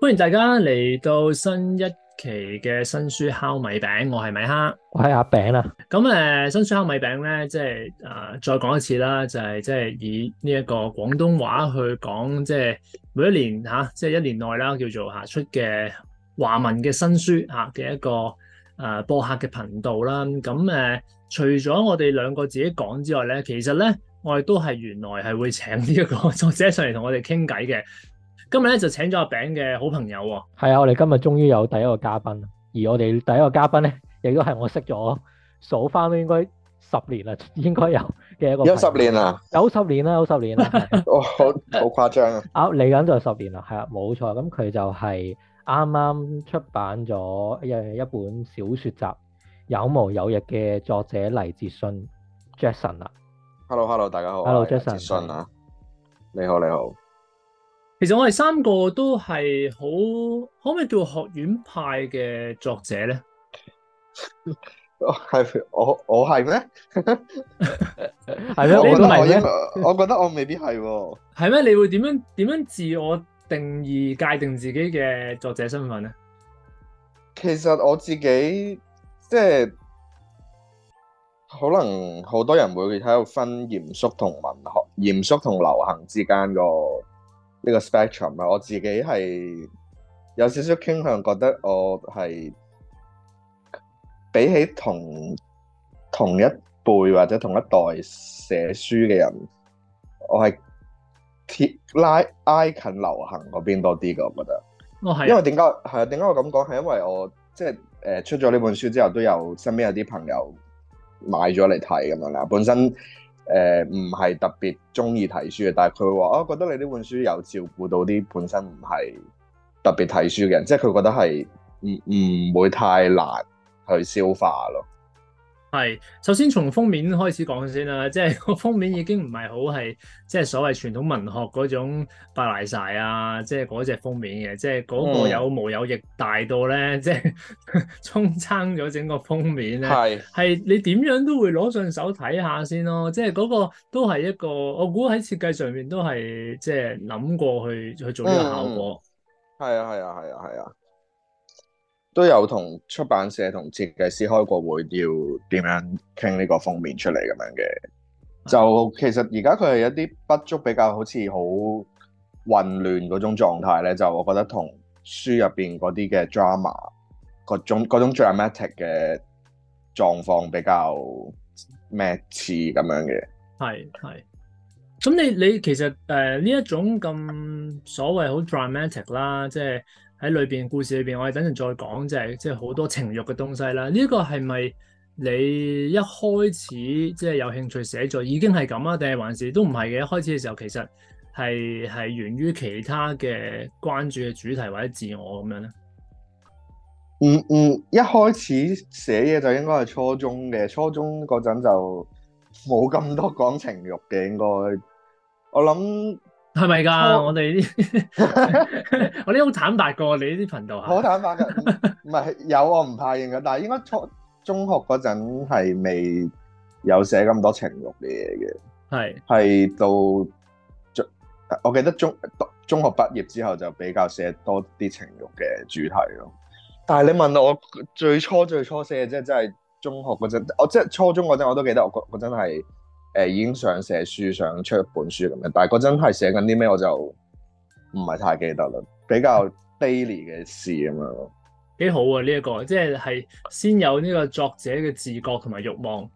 歡迎大家嚟到新一期嘅新書烤米餅，我係米哈，我係阿餅啦、啊。咁誒，新書烤米餅咧，即係誒、呃，再講一次啦，就係即係以呢一個廣東話去講，即係每一年吓、啊，即係一年內啦，叫做吓出嘅華文嘅新書吓嘅、啊、一個誒、呃、播客嘅頻道啦。咁誒、呃，除咗我哋兩個自己講之外咧，其實咧我哋都係原來係會請呢一個作者上嚟同我哋傾偈嘅。今日咧就請咗阿餅嘅好朋友喎、哦，係啊，我哋今日終於有第一個嘉賓，而我哋第一個嘉賓咧，亦都係我識咗數翻應該十年啦，應該有嘅一個有十年啦，有十年啦，有十年啦 ，哦，好好誇張啊！啊，嚟緊就十年啦，係啊，冇錯，咁佢就係啱啱出版咗一本小說集《有毛有翼》嘅作者黎哲舜 Jason 啊，Hello Hello，大家好，Hello Jason 啊，你好你好。其實我哋三個都係好，可唔可以叫學院派嘅作者咧？係我我係咩？係咩？我都唔係，我覺得我未必係喎、啊。係咩？你會點樣點樣自我定義界定自己嘅作者身份咧？其實我自己即係可能好多人會喺度分嚴肅同文學、嚴肅同流行之間個。呢個 spectrum 啊，我自己係有少少傾向覺得我係比起同同一輩或者同一代寫書嘅人，我係貼拉挨近流行嗰邊多啲嘅。我覺得，哦啊、因為點解係啊？點解我咁講？係因為我即係誒出咗呢本書之後，都有身邊有啲朋友買咗嚟睇咁樣啦。本身。誒唔係特別鍾意睇書嘅，但係佢話，我、哦、覺得你呢本書有照顧到啲本身唔係特別睇書嘅人，即係佢覺得係唔唔會太難去消化咯。係，首先從封面開始講先啦，即係個封面已經唔係好係即係所謂傳統文學嗰種白賴晒啊，即係嗰隻封面嘅，即係嗰個有毛有翼大到咧，嗯，即係衝撐咗整個封面咧，係你點樣都會攞上手睇下先咯，即係嗰個都係一個，我估喺設計上面都係即係諗過去去做呢個效果，係、嗯、啊，係啊，係啊，係啊。都有同出版社同設計師開過會，要點樣傾呢個封面出嚟咁樣嘅。就其實而家佢係一啲不足，比較好似好混亂嗰種狀態咧。就我覺得同書入邊嗰啲嘅 drama，嗰種嗰種 dramatic 嘅狀況比較咩似咁樣嘅。係係。咁你你其實誒呢、呃、一種咁所謂好 dramatic 啦，即係。喺裏邊故事裏邊，我哋等陣再講，就係即係好多情慾嘅東西啦。呢、這個係咪你一開始即係、就是、有興趣寫作已經係咁啊？定係還是都唔係嘅？一開始嘅時候其實係係源於其他嘅關注嘅主題或者自我咁樣咧。嗯嗯，一開始寫嘢就應該係初中嘅，初中嗰陣就冇咁多講情慾嘅，應該我諗。係咪噶？我哋 啲 我呢啲好 坦白過你呢啲頻道呀。好坦白噶，唔係有我唔怕認噶，但係應該初中學嗰陣係未有寫咁多情慾嘅嘢嘅。係係到我記得中中中學畢業之後就比較寫多啲情慾嘅主題咯。但係你問我，我最初最初寫即係真係中學嗰陣，我即係、就是、初中嗰陣我都記得我，我嗰嗰陣係。誒已經想寫書，想出一本書咁樣，但係嗰陣係寫緊啲咩，我就唔係太記得啦。比較卑劣嘅事咁樣，幾好啊！呢、這、一個即係係先有呢個作者嘅自覺同埋慾望，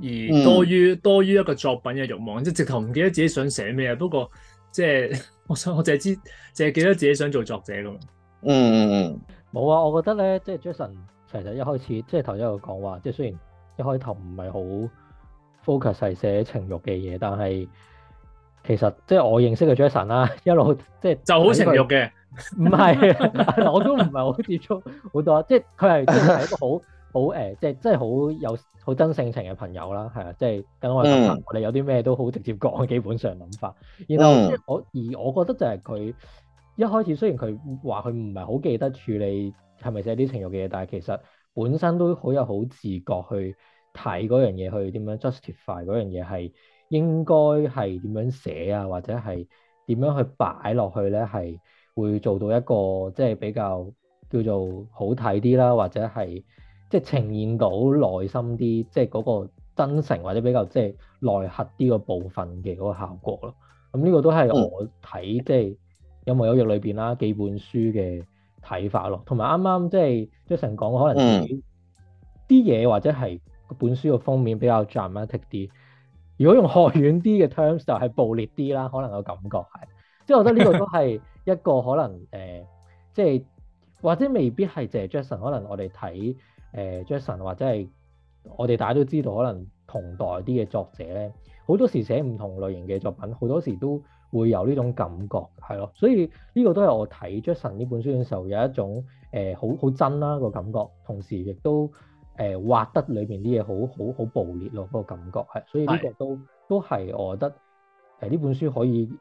而多於、嗯、多於一個作品嘅慾望，即係直頭唔記得自己想寫咩啊。不過即係我想，我淨係知淨係記得自己想做作者咁樣。嗯，嗯嗯，冇啊！我覺得咧，即係 Jason 其實一開始即係頭先有講話，即係雖然一開頭唔係好，focus 係寫情慾嘅嘢，但係其實即係我認識嘅 Jason 啦、啊，一路即係就好情慾嘅，唔係，我都唔係好接觸好多，即係佢係真係一個好好誒，即係真係好有好真性情嘅朋友啦，係啊，即係跟我我哋有啲咩都好直接講、嗯，基本上諗法。然後我而我覺得就係佢一開始雖然佢話佢唔係好記得處理係咪寫啲情慾嘅嘢，但係其實本身都好有好自覺去。睇嗰樣嘢去點樣 justify 嗰樣嘢係應該係點樣寫啊，或者係點樣去擺落去咧，係會做到一個即係比較叫做好睇啲啦，或者係即係呈現到內心啲，即係嗰個真誠或者比較即係內核啲個部分嘅嗰個效果咯。咁呢個都係我睇、嗯、即係有毛有翼裏邊啦幾本書嘅睇法咯，同埋啱啱即係 Jason 講可能啲啲嘢或者係。本書嘅封面比較 dramatic 啲，如果用學院啲嘅 terms 就係暴烈啲啦，可能個感覺係，即我覺得呢個都係一個可能、 呃、即係或者未必係就 Jason，可能我哋睇誒、呃、Jason 或者係我哋大家都知道，可能同代啲嘅作者咧，好多時寫唔同類型嘅作品，好多時都會有呢種感覺係咯，所以呢個都係我睇 Jason 呢本書嘅時候有一種誒好好真啦、嗰個感覺，同時亦都。誒、呃、畫得裏邊啲嘢好好好暴烈咯，嗰，那個感覺係，所以呢個都都係我覺得誒呢本書可以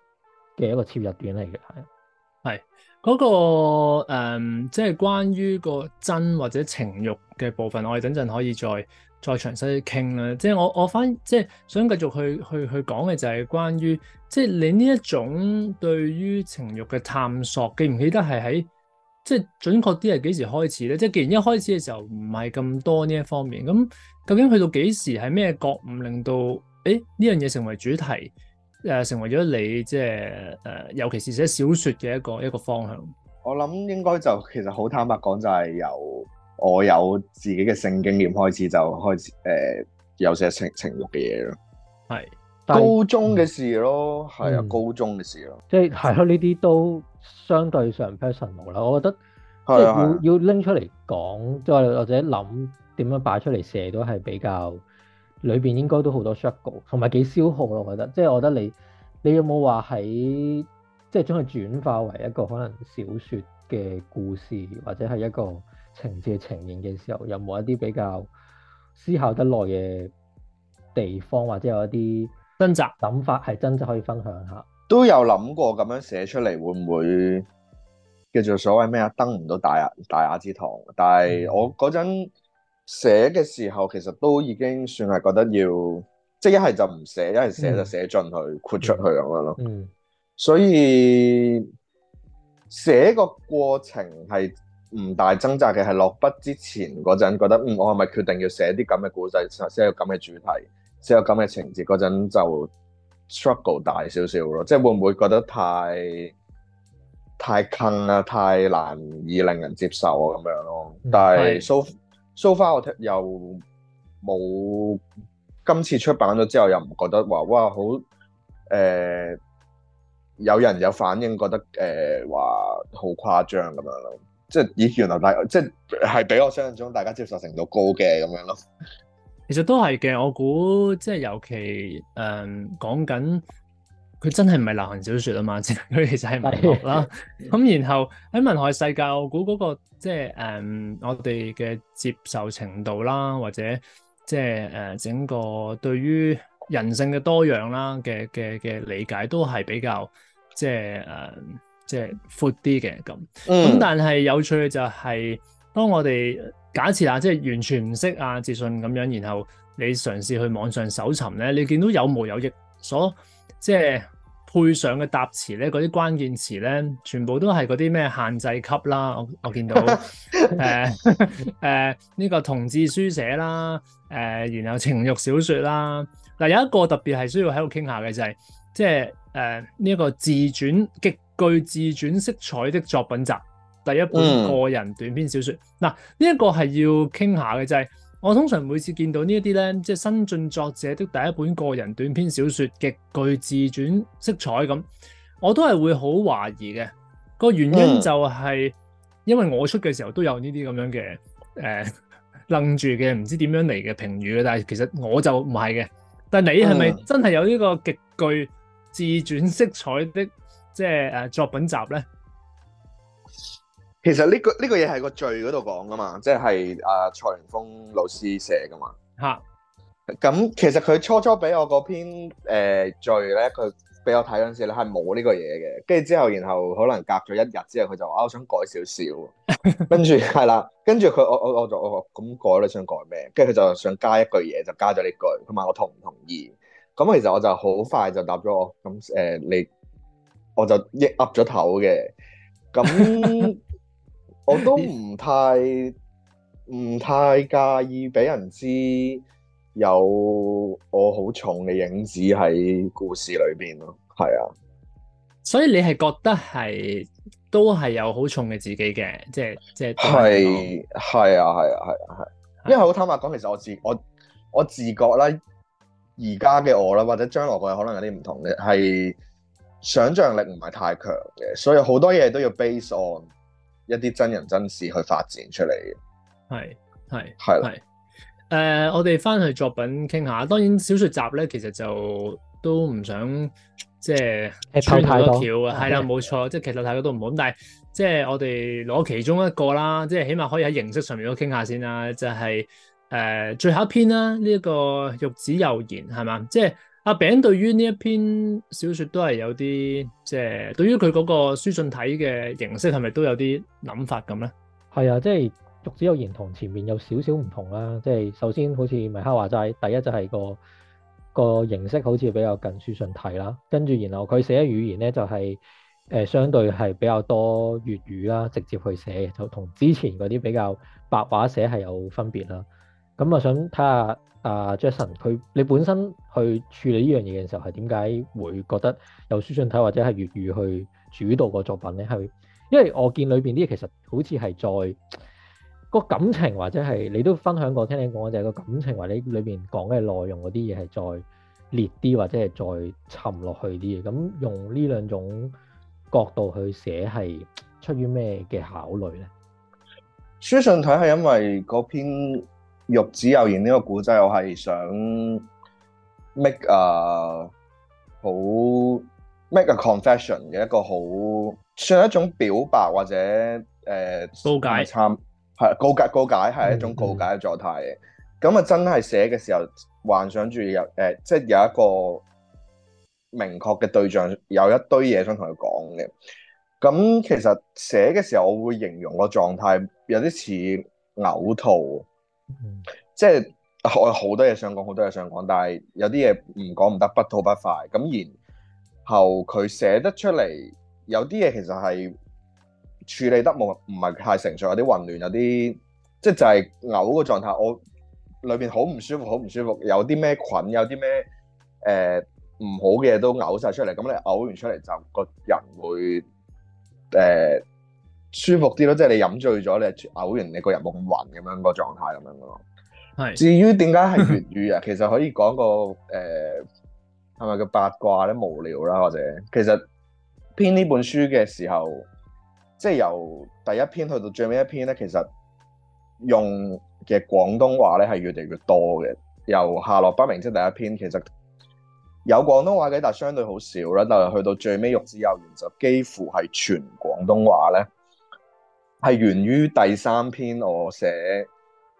嘅一個切入點嚟嘅，係。係，那，嗰個，嗯、即係關於個真或者情慾嘅部分，我哋等陣可以再再詳細去傾啦。即係我我反即係想繼續去去去，去講嘅就係關於即係你呢一種對於情慾嘅探索，記唔記得係喺？即係準確啲係幾時開始咧？即係既然一開始嘅時候唔係咁多呢一方面，咁究竟去到幾時係咩覺悟令到誒呢、欸、樣嘢成為主題？誒、呃、成為咗你即係誒，尤其是寫小說嘅一個一個方向。我諗應該就其實好坦白講，就係由我有自己嘅性經驗開始，就開始誒、呃、有寫情情慾嘅嘢咯。係。高中嘅事咯，係、嗯、啊，高中嘅事咯，即係係咯，呢啲都相對上 personal 啦。我覺得即係要拎出嚟講，再或者諗點樣擺出嚟寫都係比較裏邊應該都好多 struggle，同埋幾消耗咯。我覺得，即係我覺得你你有冇話喺即係將佢轉化為一個可能小說嘅故事，或者係一個情節、情形嘅時候，有冇一啲比較思考得耐嘅地方，或者有一啲？掙扎諗法係真，真可以分享下。都有諗過咁樣寫出嚟，會唔會叫做所謂咩啊？登唔到大雅大雅之堂。但係我嗰陣寫嘅時候，其實都已經算係覺得要，即係一係就唔寫，一係寫就寫進去，豁出去咁樣咯。嗯，所以寫個過程係唔大掙扎嘅，係落筆之前嗰陣覺得，嗯，我係咪決定要寫啲咁嘅古仔，或者寫個咁嘅主題？只有咁嘅情節些，嗰陣就 struggle 大少少咯，即係會唔會覺得太太近啊、太難以令人接受啊咁樣咯？但係 so far, so far 我聽又冇今次出版咗之後又唔覺得話哇好誒、呃、有人有反應覺得誒話好誇張咁樣咯，即係咦原來大即係係比我想象中大家接受程度高嘅咁樣咯。其實都係嘅，我估即係尤其誒講緊佢真係唔係流行小說啊嘛，佢其實係文學啦。咁、 嗯、然後喺文學世界，我估嗰個即係誒我哋嘅接受程度啦，或者即係誒整個對於人性嘅多樣啦嘅嘅嘅理解都係比較、嗯、即係誒即係闊啲嘅咁。咁但係有趣嘅就係當我哋。假設啊，即係完全唔識啊，自信咁樣，然後你嘗試去網上搜尋咧，你見到有毛有翼所即係配上嘅答詞咧，嗰啲關鍵詞咧，全部都係嗰啲咩限制級啦，我我見到誒誒呢個同志書寫啦，誒、呃、然後情慾小説啦，嗱、呃、有一個特別係需要喺度傾下嘅就係即係誒呢一個自傳極具自傳色彩的作品集。第一本個人短篇小説，嗱、嗯、呢、啊這個、一個係要傾下嘅，就係、是、我通常每次見到這些呢一啲咧，即、就、係、是、新進作者的第一本個人短篇小説，極具自傳色彩咁，我都係會好懷疑嘅。個原因就係因為我出嘅時候都有呢啲咁樣嘅誒愣住嘅，唔、呃、知點樣嚟嘅評語，但係其實我就唔係嘅。但係你係咪真係有呢個極具自傳色彩的即係誒作品集咧？其實呢、這個呢、這個嘢係個序嗰度講噶嘛，即係阿、啊、蔡元峰老師寫噶嘛。吓、 嗯，咁其實佢初初俾我嗰篇誒序咧，佢、呃、俾我睇嗰陣時咧係冇呢個嘢嘅。跟住之後，然後可能隔咗一日之後，佢就話、啊、我想改少少，跟住係 啦，跟住佢我我我就我咁改你想改咩？跟住佢就想加一句嘢，就加咗呢句。佢問我同唔同意？咁、嗯、其實我就好快就答咗我，咁、嗯、誒你我就一噏咗頭嘅，咁、嗯。 我都唔太唔太介意俾人知有我好重嘅影子喺故事裏邊咯，係啊。所以你係覺得係都係有好重嘅自己嘅，即係即係係係啊係啊係啊係，啊啊。因為好坦白講，其實我自我我自覺啦，而家嘅我啦，或者將來我可能有啲唔同嘅，係想象力唔係太強嘅，所以好多嘢都要 base on。一啲真人真事去發展出嚟嘅，係係係係誒，我哋返去作品傾下。當然小説集咧，其實就都唔想即係穿太多橋啊。係啦，冇錯，即係其實大家都唔好。咁但係即係我哋攞其中一個啦，即係起碼可以喺形式上面都傾下先啦。就係誒，最後一篇啦，呢、這、一個玉子柔言係嘛？即係。阿餅對於呢一篇小説都係有啲即係對於佢嗰個書信體嘅形式係咪都有啲諗法咁咧？係啊，即係逐字有言同，前面有少少唔同啦。即係首先好似米哈話齋，第一就係個個形式好似比較近書信體啦。跟住然後佢寫嘅語言咧就係、是、誒、呃、相對係比較多粵語啦，直接去寫就同之前嗰啲比較白話寫係有分別啦。咁啊，想睇下阿 Jason 佢你本身去處理呢樣嘢嘅時候，係點解會覺得由書信體或者係粵語去主導個作品咧？係因為我見裏邊啲嘢其實好似係在個感情或者係你都分享過，聽你講就係個感情或者裏邊講嘅內容嗰啲嘢係再烈啲或者係再沉落去啲嘅。咁用呢兩種角度去寫係出於咩嘅考慮咧？書信體係因為嗰篇。玉子有言呢個古仔，我係想 make 誒好 make a confession 嘅一個好算係一種表白或者誒告、呃、解，係告解告解係一種告解嘅狀態嘅。咁、嗯、啊，嗯、真係寫嘅時候幻想住有誒，即、呃、係、就是、有一個明確嘅對象，有一堆嘢想同佢講嘅。咁其實寫嘅時候，我會形容個狀態有啲似嘔吐。嗯，即係我好多嘢想講，好多嘢想講，但係有啲嘢唔講唔得，不吐不快。咁然後佢寫得出嚟，有啲嘢其實係處理得冇唔係太成熟，有啲混亂，有啲即係就係嘔嘅狀態。我裏邊好唔舒服，好唔舒服，有啲咩菌，有啲咩誒唔好嘅嘢都嘔晒出嚟。咁你嘔完出嚟就個人會誒。呃舒服啲咯，即係你飲醉咗，你係嘔完，你個人冇咁暈咁樣個狀態咁樣咯。係。至於點解係粵語啊？ 其實可以講個誒係咪個八卦咧，無聊啦，或者其實編呢本書嘅時候，即係由第一篇去到最尾一篇咧，其實用嘅廣東話咧係越嚟越多嘅。由下落不明即係第一篇，其實有廣東話嘅，但係相對好少啦。但係去到最尾玉之幼然就幾乎係全廣東話咧。係源於第三篇我寫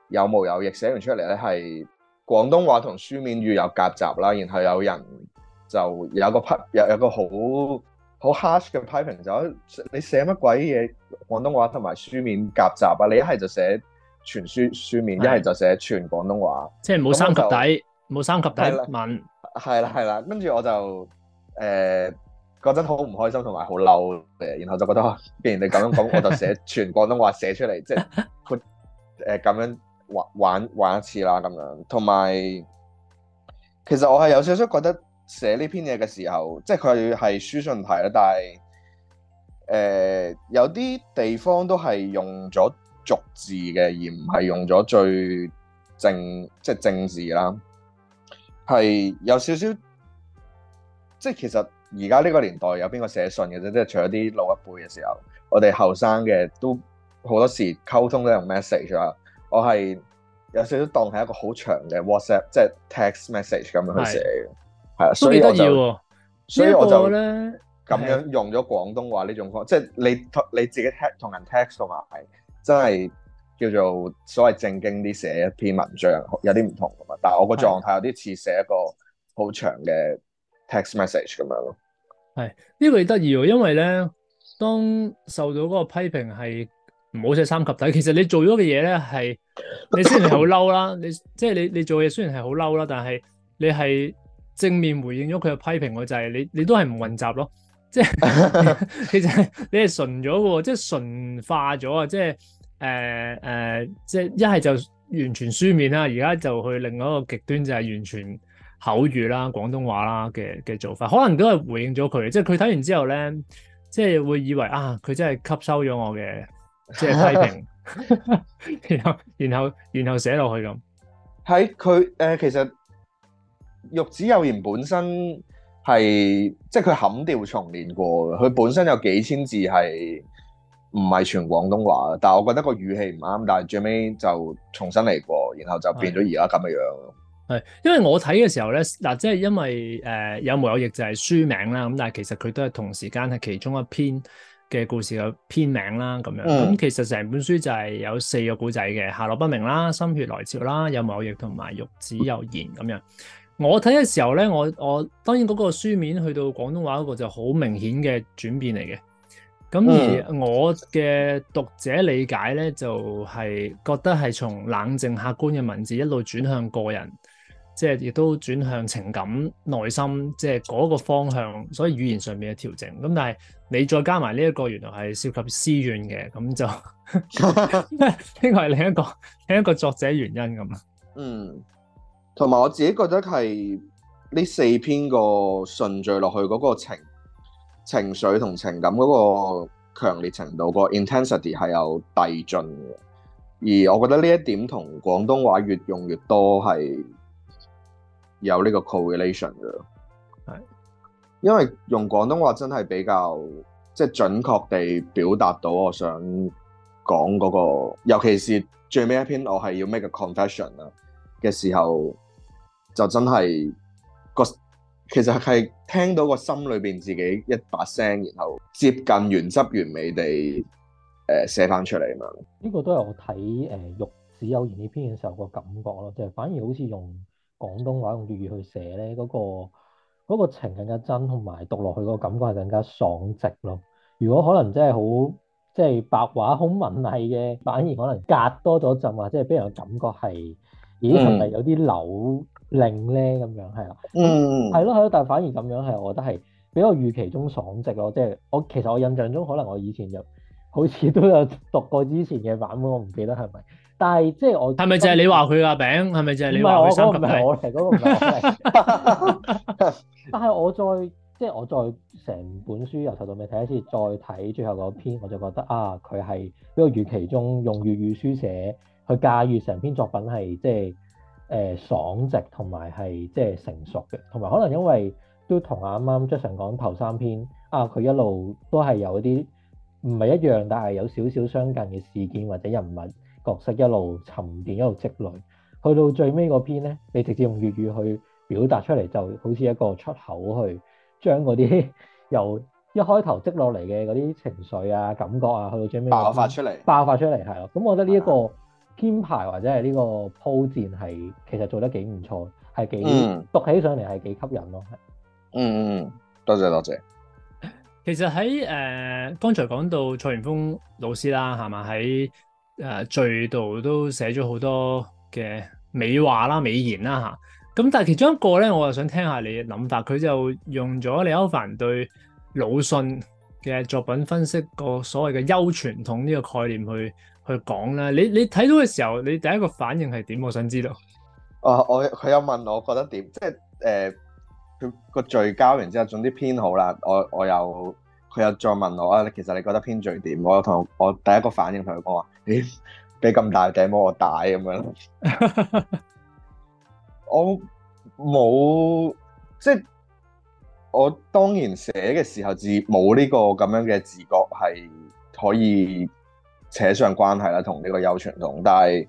有毛有翼寫完出嚟咧，係廣東話同書面語有夾雜啦。然後有人就有個批，有有個好好 harsh 嘅批評，piping，就你寫乜鬼嘢？廣東話同埋書面夾雜啊！你一係就寫全書書面，一係就寫全廣東話，即係冇三及第，冇三及第文。係啦係啦，跟住我就誒。呃覺得好唔開心同埋好嬲嘅，然後就覺得，既然你咁樣講，我就寫全廣東話寫出嚟， 即係，誒，咁、呃、樣玩玩玩一次啦，咁樣。同埋，其實我係有少少覺得寫呢篇嘢嘅時候，即係佢係書信體啦，但係，誒、呃，有啲地方都係用咗俗字嘅，而唔係用咗最正，即係正字啦，係有少少，即係其實。而家呢個年代有邊個寫信嘅啫？即係除咗啲老一輩嘅時候，我哋後生嘅都好多時溝通都用 message 啊。我係有少少當係一個好長嘅 WhatsApp，即係 text message 咁樣去寫嘅。係啊，所以得意，所以我就咧咁、呢個、樣用咗廣東話呢種方法，即係、即係、你你自己聽同人 text 同埋，真係叫做所謂正經啲寫一篇文章有啲唔同噶嘛。但係我個狀態有啲似寫一個好長嘅 text message 咁樣咯，係、這、呢個得意喎，因為咧，當受到嗰個批評係唔好寫三及第，其實你做咗嘅嘢咧係你雖然係好嬲啦，你即係你你做嘢雖然係好嬲啦，但係你係正面回應咗佢嘅批評，我就係、是、你你都係唔混雜咯，即係 其實你係純咗嘅，即係純化咗啊，即係誒誒，即係一係就完全書面啦，而家就去另外一個極端就係完全。口語啦、廣東話啦嘅嘅做法，可能都係回應咗佢，即係佢睇完之後咧，即係會以為啊，佢真係吸收咗我嘅即係批評，然後然後然後寫落去咁。喺佢誒，其實《玉子有言》本身係即係佢冚掉重練過，佢本身有幾千字係唔係全廣東話，但係我覺得個語氣唔啱，但係最尾就重新嚟過，然後就變咗而家咁嘅樣。係，因為我睇嘅時候咧，嗱、啊，即係因為誒、呃、有毛有翼就係書名啦，咁但係其實佢都係同時間係其中一篇嘅故事嘅篇名啦，咁樣。咁、mm. 其實成本書就係有四個故仔嘅，下落不明啦、心血來潮啦、有毛有翼同埋玉子有言咁樣。我睇嘅時候咧，我我當然嗰個書面去到廣東話嗰個就好明顯嘅轉變嚟嘅。咁而我嘅讀者理解咧，就係、是、覺得係從冷靜客觀嘅文字一路轉向個人。即係亦都轉向情感、內心，即係嗰個方向，所以語言上面嘅調整咁。但係你再加埋呢一個，原來係涉及私怨嘅，咁就呢 個係另一個另一個作者原因咁啊。嗯，同埋我自己覺得係呢四篇個順序落去嗰個情情緒同情感嗰個強烈程度、嗰個 intensity 係有遞進嘅。而我覺得呢一點同廣東話越用越多係有呢個 correlation 嘅，因為用廣東話真係比較即係準確地表達到我想講嗰個，尤其是最尾一篇我係要 make a confession 啦嘅時候，就真係個其實係聽到個心裏面自己一把聲，然後接近原汁原味地誒寫翻出嚟啊！呢個都係我睇誒玉子有言呢篇嘅時候個感覺咯，就係反而好似用。廣東話用粵語去寫咧，嗰、嗰個嗰個情更加真，同埋讀落去嗰個感覺係更加爽直咯。如果可能真係好即係白話好文藝嘅，反而可能隔多咗陣或者係俾人感覺係咦係咪有啲扭領咧咁樣？係啊，嗯，係咯係咯，但反而咁樣係，我覺得係比較預期中爽直咯。即係我其實我印象中，可能我以前就好似都有讀過之前嘅版本，我唔記得係咪。但係即係我係咪就係你話佢噶餅？係咪就係你話佢三級題？唔係我嗰個唔係我食嗰個唔係。但係我再即係我再成本書由頭到尾睇一次，再睇最後嗰篇，我就覺得啊，佢係比我預期中用粵語，語書寫，去駕馭成篇作品係即係誒、呃、爽直同埋係即係成熟嘅。同埋可能因為都同阿啱啱 Jason 講頭三篇啊，佢一路都係有啲唔係一樣，但係有少少相近嘅事件或者人物。角色一路沉澱，一路積累，去到最尾嗰篇咧，你直接用粵語去表達出嚟，就好似一個出口，去將嗰啲由一開頭積落嚟嘅嗰啲情緒啊、感覺啊，去到最尾爆發出嚟，爆發出嚟，係咯。咁我覺得呢一個編排或者係呢個鋪墊係其實做得幾唔錯，係幾讀起上嚟係幾吸引咯。嗯嗯，多謝多謝。其實喺誒、呃、剛才講到蔡元峰老師啦，係嘛喺。誒序度都寫咗好多嘅美話啦、美言啦嚇，咁、啊、但係其中一個咧，我就想聽下你嘅諗法。佢就用咗李歐凡對魯迅嘅作品分析個所謂嘅優傳統呢個概念去去講啦。你你睇到嘅時候，你第一個反應係點？我想知道。啊，我佢有問我覺得點，即係誒佢個序交完之後總之編好啦。我我又。佢又再問我啊，你其實你覺得編序點？我有同我，我第一個反應同佢講話，咦、哎，俾咁大頂帽我戴咁樣， 我冇即係我當然寫嘅時候，自冇呢個咁樣嘅自覺係可以扯上關係啦，同呢個有傳統，但係。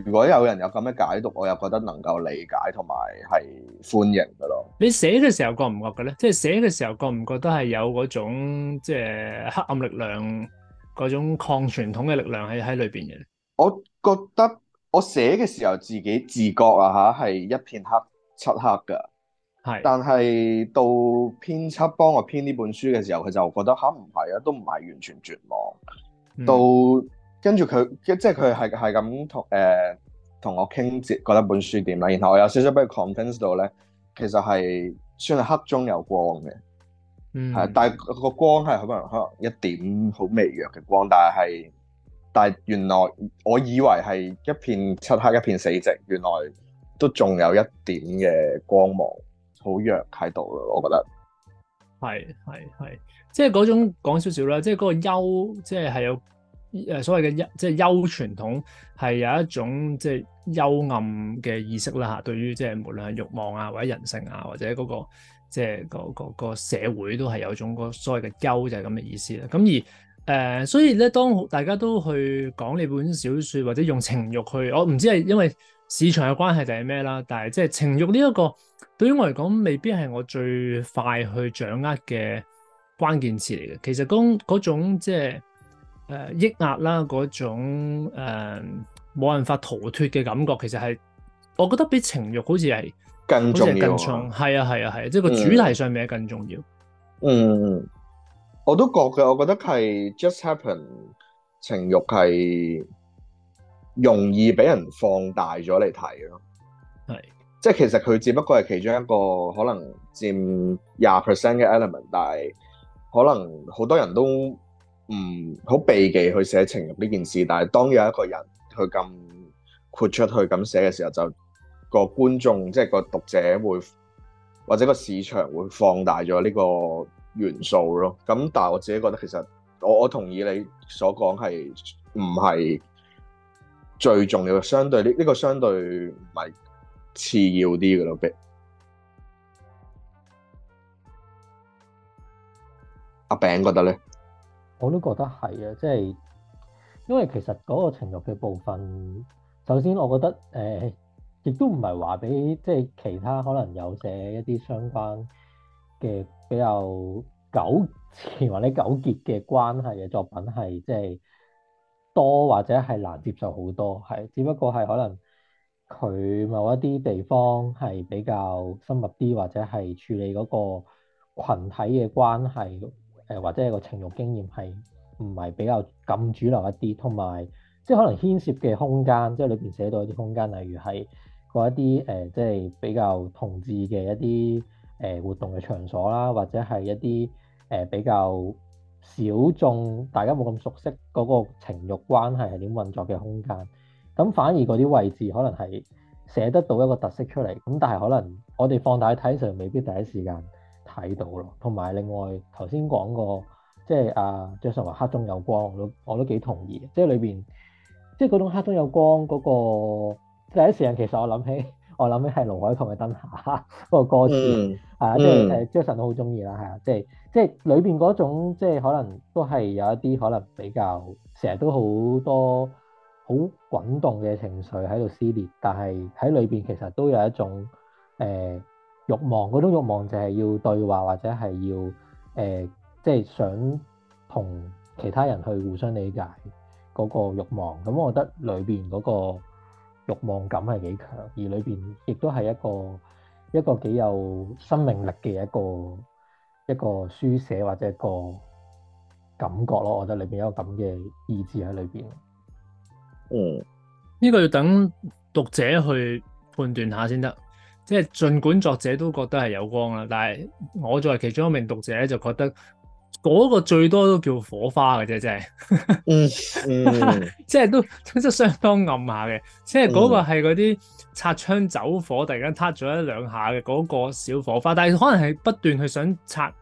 如果有人有咁嘅解讀，我又覺得能夠理解同埋係歡迎㗎咯。你寫嘅時候覺唔覺嘅咧？即係寫嘅時候覺唔覺得係有嗰種即係黑暗力量嗰種抗傳統嘅力量喺喺裏邊嘅？我覺得我寫嘅時候自己自覺啊吓，係一片黑漆黑㗎。係，但係到編輯幫我編呢本書嘅時候，佢就覺得吓，唔係啊，都唔係完全絕望。嗯，到跟住佢，即係佢係係咁同誒同我傾偈，覺得本書點啦。然後我有少少俾佢 convince 到咧，其實係算係黑中有光嘅，嗯，係、啊。但係個光係可能可能一點好微弱嘅光，但係但係原來我以為係一片漆黑、一片死寂，原來都仲有一點嘅光芒，好弱喺度咯。我覺得係係係，即係嗰種講少少啦，即係嗰個優，即係係有。誒所謂嘅幽，即係幽傳統，係有一種即係幽暗嘅意識啦嚇。對於即係無論係慾望啊，或者人性啊，或者嗰、嗰個即係嗰嗰個社會都係，都係有種嗰所謂嘅幽，就係咁嘅意思啦。咁而誒、呃，所以咧，當大家都去講呢本小說，或者用情慾去，我唔知係因為市場嘅關係定係咩啦。但係即係情慾呢、呢、一個，對於我嚟講，未必係我最快去掌握嘅關鍵詞嚟嘅。其實嗰種即係。誒、呃，抑壓啦，嗰種誒，冇、呃、辦法逃脫嘅感覺，其實係，我覺得比情欲好似係更重要，係啊，係啊，係、啊啊啊嗯，即係個主題上面係更重要。嗯，我都覺嘅，我覺得係 just happen，情欲係容易俾人放大咗嚟睇咯。係，即係其實佢只不過係其中一個可能佔廿 percent 嘅 element，但係可能好多人都。唔好避忌去寫情欲呢件事，但係當有一個人去咁豁出去咁寫嘅時候，就個觀眾即係個讀者會或者個市場會放大咗呢個元素咯。咁但係我自己覺得，其實我我同意你所講係唔係最重要嘅，相對呢呢個相對唔係次要啲嘅咯。比阿餅覺得咧？我都覺得係啊，即係因為其實嗰個情慾嘅部分，首先我覺得誒，亦都唔係話俾即係其他可能有寫一啲相關嘅比較糾纏或者糾結嘅關係嘅作品係即係多或者係難接受好多，係只不過係可能佢某一啲地方係比較深入啲，或者係處理嗰個羣體嘅關係。誒或者係個情慾經驗係唔係比較咁主流一啲，同埋即係可能牽涉嘅空間，即係裏邊寫到一啲空間，例如係嗰一啲誒、呃、即係比較同志嘅一啲誒活動嘅場所啦，或者係一啲誒、呃、比較小眾，大家冇咁熟悉嗰、嗰個情慾關係係點運作嘅空間，咁反而嗰啲位置可能係寫得到一個特色出嚟，咁但係可能我哋放大睇上未必第一時間睇到咯，同埋另外頭先講過，即係阿 Jason 話黑中有光，我都我都幾同意即係裏邊，即係嗰種黑中有光嗰個第一時間，其實我諗起，我諗起係盧凱彤嘅燈下嗰個歌詞，係、嗯、啊，即係 Jason 都好鍾意啦，係、嗯、啊，即係即係裏邊嗰種，即係可能都係有一啲可能比較成日都好多好滾動嘅情緒喺度撕裂，但係喺裏邊其實都有一種誒，欸慾望嗰種、那個、慾望就係要對話或者係要誒，即、呃、係、就是、想同其他人去互相理解嗰、那個慾望。咁我覺得裏邊嗰個慾望感係幾強，而裏邊亦都係一個一個幾有生命力嘅一個一個書寫或者一個感覺咯。我覺得裏邊有一個咁嘅意志喺裏邊。哦，呢、這個要等讀者去判斷下先得。即係，儘管作者都覺得係有光啦，但係我作為其中一名讀者就覺得嗰個最多都叫火花嘅啫，即係、 嗯，嗯， 即係都都相當暗下嘅，即係嗰個係嗰啲擦槍走火，突然間撻咗一兩下嘅嗰個小火花，但係可能係不斷去想擦，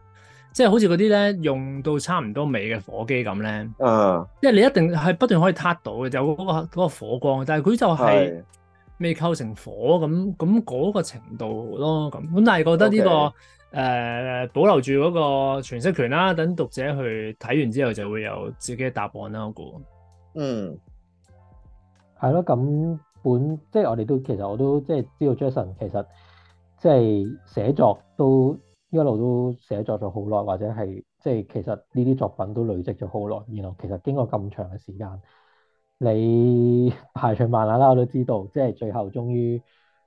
即係好似嗰啲咧用到差唔多尾嘅火機咁咧，嗯、啊，即係你一定係不斷可以撻到嘅，就嗰、嗰個嗰、嗰個火光，但係佢就係、是。是未構成火咁咁嗰個程度咯，咁咁但係覺得呢、這個誒、okay。呃、保留住嗰個詮釋權啦，等讀者去睇完之後就會有自己嘅答案啦。我估嗯，係咯，咁、 嗯、本即係我哋都其實我都即係知道 Jason 其實即係寫作都一路都寫作咗好耐，或者係即係其實呢啲作品都累積咗好耐，然後其實經過咁長嘅時間。你排除萬難啦，我都知道，即係最後終於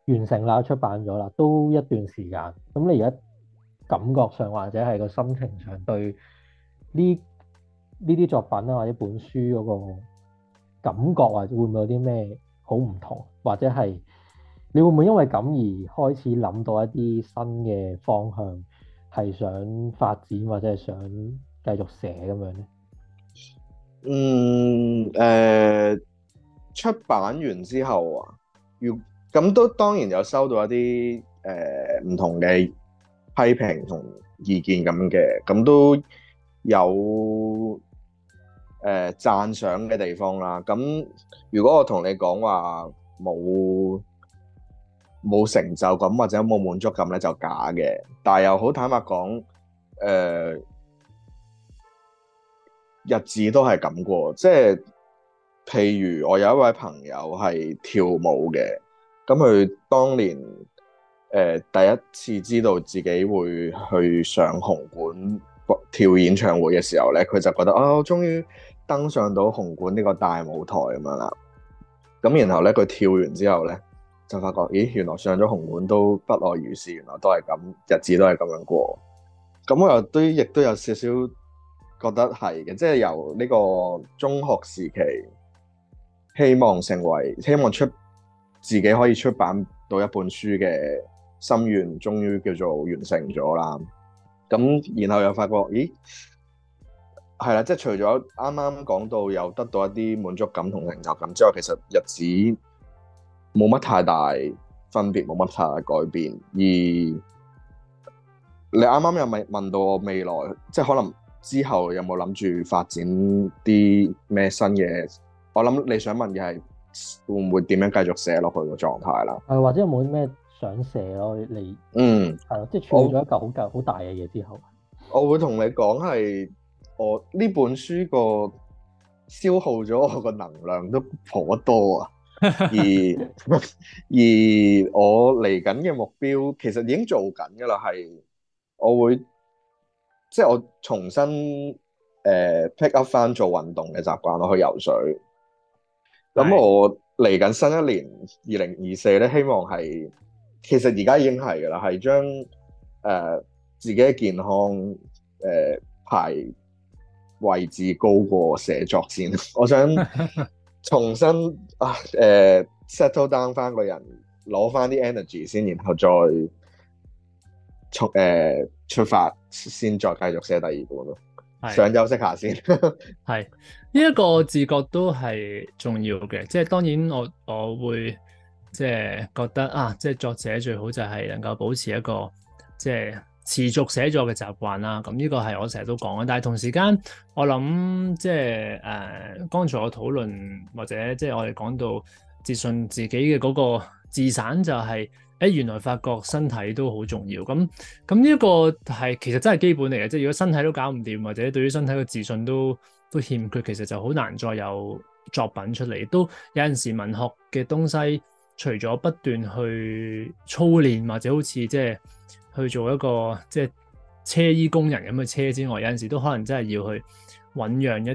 完成啦、出版咗啦，都一段時間。咁你而家感覺上或者係個心情上對呢呢啲作品啊或者本書嗰個感覺，或者會唔會有啲咩好唔同，或者係你會唔會因為咁而開始諗到一啲新嘅方向係想發展或者係想繼續寫咁樣咧？嗯，誒、呃，出版完之後啊，如咁都當然有收到一啲誒唔同嘅批評同意見咁嘅，咁都有誒讚賞嘅地方啦。咁如果我同你講話冇冇成就感或者冇滿足感咧，就假嘅。但係又好坦白講，誒、呃。日子都係咁過，即係譬如我有一位朋友係跳舞嘅，咁佢當年誒、呃、第一次知道自己會去上紅館跳演唱會嘅時候咧，佢就覺得啊、哦，我終於登上到紅館呢個大舞台咁樣啦。咁然後咧佢跳完之後咧，就發覺咦，原來上咗紅館都不外如是，原來都係咁，日子都係咁樣過。咁我又都亦都有少少。覺得係嘅，即係由呢個中學時期，希望成為希望，出自己可以出版到一本書嘅心願，終於叫做完成咗啦。咁然後又發覺，咦，係啦，即係除咗啱啱講到有得到一啲滿足感同成就感之外，其實日子冇乜太大分別，冇乜太大改變。而你啱啱又咪問到未來，即係可能。之後有冇諗住發展啲咩新嘢？我諗你想問嘅係會唔會點樣繼續寫落去個狀態啦？係或者有冇咩想寫咯？你嗯係咯，即係錯咗一嚿好嚿好大嘅嘢之後，我，我會同你講係我呢本書個消耗咗我個能量都頗得多啊， 而而我嚟緊嘅目標其實已經做緊㗎啦，係我會。即係我重新誒、呃、pick up 返做運動嘅習慣咯，去游水。咁我嚟緊新一年二零二四呢，希望係其實而家已經係㗎喇，係將誒、呃、自己嘅健康誒、呃、排位置高過寫作先。 我想重新啊誒、呃、settle down 返個人，攞返啲 energy 先，然後再出誒、呃、出發。先再繼續寫第二本咯，想休息下先。係呢一個自覺都係重要嘅，即係當然我我會即係覺得啊，即係作者最好就係能夠保持一個即係持續寫作嘅習慣啦。咁呢個係我成日都講嘅，但係同時間我諗即係誒，剛才我討論或者即係我哋講到自信自己嘅嗰個自省就係。喺原來發覺身體都好重要，咁咁呢一個係其實真係基本嚟嘅，即係如果身體都搞唔掂，或者對於身體嘅自信都都欠缺，其實就好難再有作品出嚟。都有陣時文學嘅東西，除咗不斷去操練，或者好似即係去做一個即係、就是、車衣工人咁嘅車之外，有陣時都可能真係要去醞釀一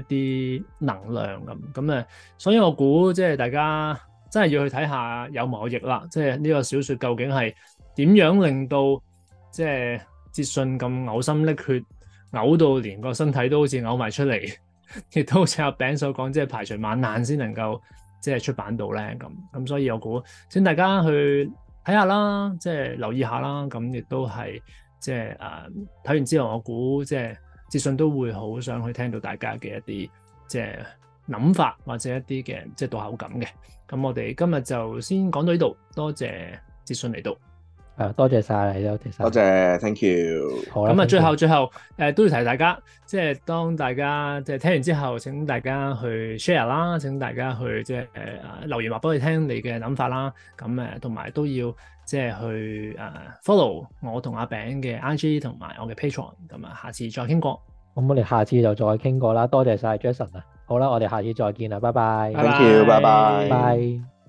啲能量咁。咁啊，所以我估即係、就是、大家。真係要去睇下有毛有翼啦，即係呢個小説究竟係點樣令到即係哲舜咁嘔心瀝血，嘔到連個身體都好似嘔埋出嚟，亦都好似阿餅所講，即係排除萬難先能夠即係出版到咧咁。咁所以我估請大家去睇下啦，即係留意下啦。咁亦都係即係誒睇完之後，我估即係哲舜都會好想去聽到大家嘅一啲即係。諗法或者一啲嘅即係到口感嘅，咁我哋今日就先講到呢度，多謝哲舜嚟到。啊，多謝晒你都，多謝，多謝，thank you。咁啊，最後最後誒都要提大家，即係當大家即係聽完之後，請大家去 share 啦，請大家去即係、呃、留言話俾佢聽你嘅諗法啦。咁誒同埋都要即係去誒、呃、follow 我同阿餅嘅 IG 同埋我嘅 Patreon、嗯。咁啊，下次再傾過。咁我哋下次就再傾過啦，多謝晒 Jason 啊！好啦，我哋下次再見啦，拜拜。Thank you，拜拜。拜。